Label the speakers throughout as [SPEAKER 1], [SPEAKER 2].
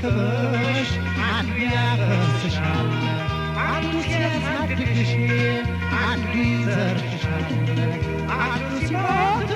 [SPEAKER 1] ሲያንከባክብሽ አንዱ ሲያሳድግሽ አንዱ ይዘርሻል፣ አንዱ ሲሞት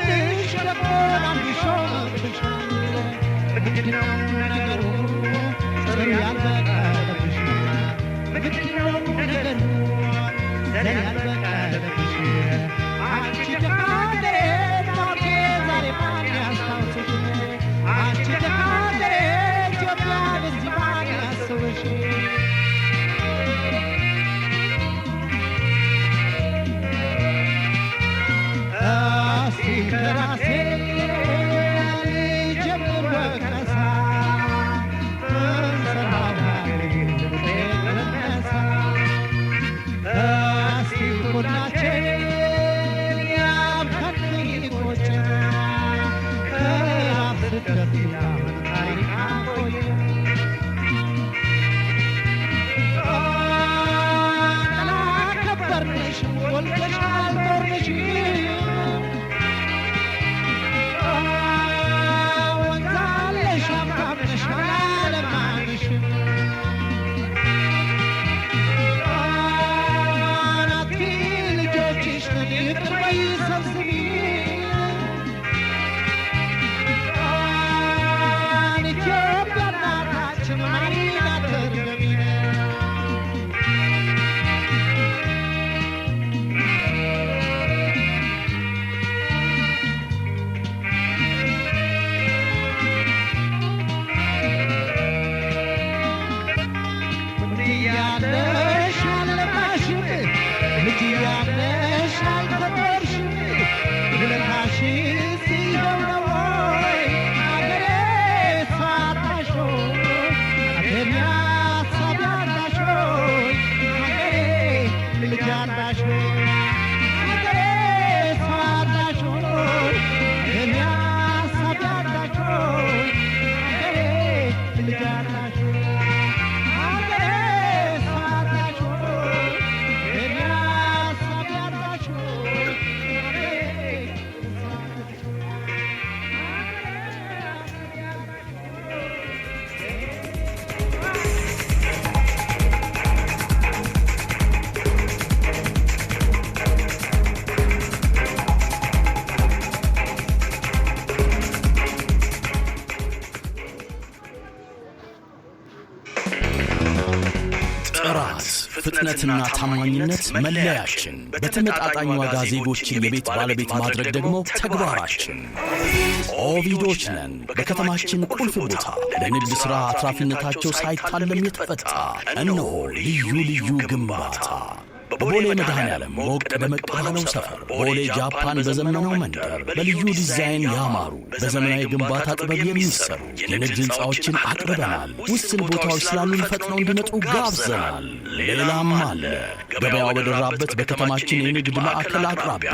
[SPEAKER 1] Chut, chut.
[SPEAKER 2] ጥራት፣ ፍጥነትና ታማኝነት መለያችን፣ በተመጣጣኝ ዋጋ ዜጎችን የቤት ባለቤት ማድረግ ደግሞ ተግባራችን። ኦቪዶች ነን። በከተማችን ቁልፍ ቦታ ለንግድ ሥራ አትራፊነታቸው ሳይታለም የተፈታ እነሆ ልዩ ልዩ ግንባታ በቦሌ መድኃኔዓለም ሞቅ ደመቅ ባለው ሰፈር ቦሌ ጃፓን በዘመነው መንደር በልዩ ዲዛይን ያማሩ በዘመናዊ ግንባታ ጥበብ የሚሰሩ የንግድ ህንፃዎችን አቅርበናል። ውስን ቦታዎች ስላሉን ፈጥነው እንዲመጡ ጋብዘናል። ሌላም አለ። ገበያው በደራበት በከተማችን የንግድ ማዕከል አቅራቢያ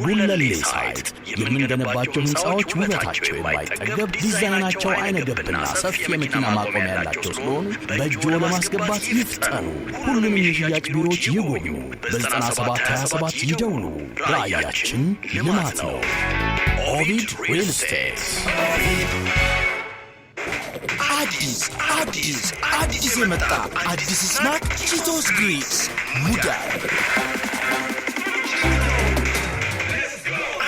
[SPEAKER 2] ጉለሌ ሳይት የምንገነባቸው ህንፃዎች ውበታቸው የማይጠገብ ዲዛይናቸው አይነገብና ሰፊ የመኪና ማቆሚያ ያላቸው ስለሆኑ በእጅዎ ለማስገባት ይፍጠኑ። ሁሉንም የሽያጭ ቢሮዎች ይጎኙ በ በ9727 ይደውሉ። ራዕያችን ልማት ነው። ኦቪድ ሪል ስቴት
[SPEAKER 3] አዲስ አዲስ አዲስ የመጣ አዲስ ስማክ ቺቶስ ግሪክስ ሙዳይ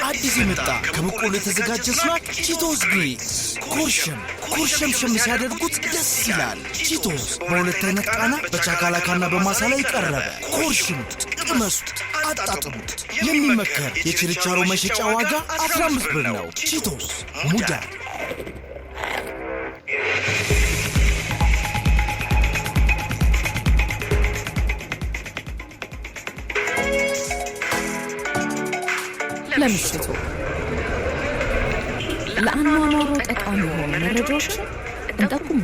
[SPEAKER 3] አዲስ የመጣ ከበቆሎ የተዘጋጀ ስማክ ቺቶስ ግሪክስ ኮርሸም ኮርሸም ሸም ሲያደርጉት ደስ ይላል። ቺቶስ በሁለት አይነት ቃና በቻካላካና በማሳ ላይ ቀረበ። ኮርሽሙት፣ ቅመሱት፣ አጣጥሙት። የሚመከር የችርቻሮ መሸጫ ዋጋ 15 ብር ነው። ቺቶስ ሙዳይ
[SPEAKER 4] ለምሽቱ ለአኗኗሩ ጠቃሚ የሆኑ መረጃዎችን እንጠቁም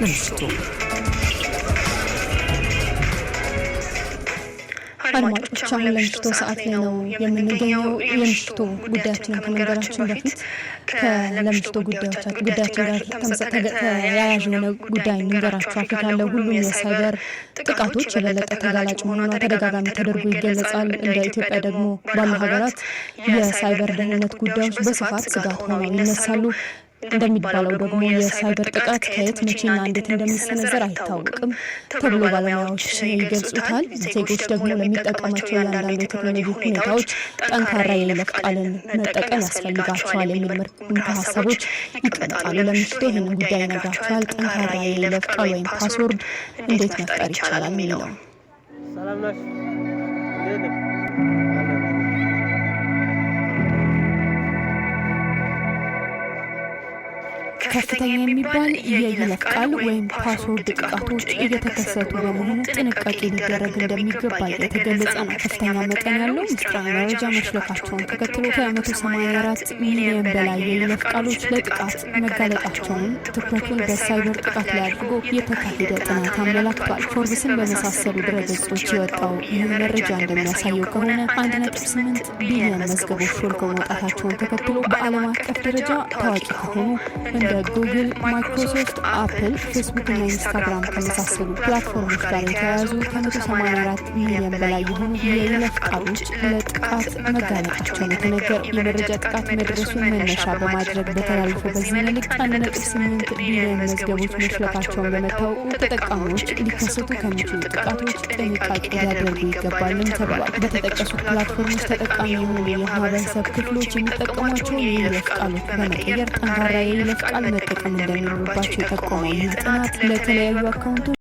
[SPEAKER 4] ለምሽቱ
[SPEAKER 5] አድማጮች አሁን ለምሽቶ ሰዓት ላይ ነው የምንገኘው። የምሽቶ ጉዳያችንን ከመንገራችን በፊት ከለምሽቶ ጉዳያችን ጋር ተያያዥ የሆነ ጉዳይ መንገራችሁ። አፍሪካ ለሁሉም የሳይበር ጥቃቶች የበለጠ ተጋላጭ መሆኗ ተደጋጋሚ ተደርጎ ይገለጻል። እንደ ኢትዮጵያ ደግሞ ባሉ ሀገራት የሳይበር ደህንነት ጉዳዮች በስፋት ስጋት ሆነው ይነሳሉ። እንደሚባለው ደግሞ የሳይበር ጥቃት ከየት መቼና እንዴት እንደሚሰነዘር አይታወቅም ተብሎ ባለሙያዎች ይገልጹታል። ዜጎች ደግሞ ለሚጠቀማቸው የአንዳንዱ የቴክኖሎጂ ሁኔታዎች ጠንካራ የይለፍ ቃልን መጠቀም ያስፈልጋቸዋል የሚል ምክረ ሀሳቦች ይቀመጣሉ። ለምሽቶ ይህንን ጉዳይ ይነግራቸዋል። ጠንካራ የይለፍ ቃል ወይም ፓስወርድ እንዴት መፍጠር ይቻላል የሚለው ከፍተኛ የሚባል የይለፍ ቃል ወይም ፓስወርድ ጥቃቶች እየተከሰቱ በመሆኑ ጥንቃቄ ሊደረግ እንደሚገባ የተገለጸ ነው። ከፍተኛ መጠን ያለው ምስጢራዊ መረጃ መሽለካቸውን ተከትሎ ከ184 ሚሊዮን በላይ የይለፍ ቃሎች ለጥቃት መጋለጣቸውን ትኩረቱን በሳይበር ጥቃት ላይ አድርጎ የተካሄደ ጥናት አመላክቷል። ፎርብስን በመሳሰሉ ድረገጾች የወጣው ይህ መረጃ እንደሚያሳየው ከሆነ 1.8 ቢሊዮን መዝገቦች ሾልከው መውጣታቸውን ተከትሎ በዓለም አቀፍ ደረጃ ታዋቂ ከሆኑ እንደ ከጉግል፣ ማይክሮሶፍት፣ አፕል፣ ፌስቡክ እና ኢንስታግራም ከመሳሰሉ ፕላትፎርሞች ጋር የተያያዙ ከ184 ሚሊዮን በላይ የሆኑ የይለፍ ቃሎች ለጥቃት መጋለጣቸውን የተነገር የመረጃ ጥቃት መድረሱን መነሻ በማድረግ በተላለፈ በዚህ መልእክት 1.8 ሚሊዮን መዝገቦች መሽለታቸውን በመታወቁ ተጠቃሚዎች ሊከሰቱ ከሚችሉ ጥቃቶች ጥንቃቄ ሊያደርጉ ይገባልም ተብሏል። በተጠቀሱት ፕላትፎርሞች ተጠቃሚ የሆኑ የማህበረሰብ ክፍሎች የሚጠቀሟቸውን የይለፍ ቃሎች በመቀየር ጠንካራ የይለፍ ቃል መጠቀም እንደሚኖርባቸው የጠቆመው ይህ ጥናት ለተለያዩ አካውንቶች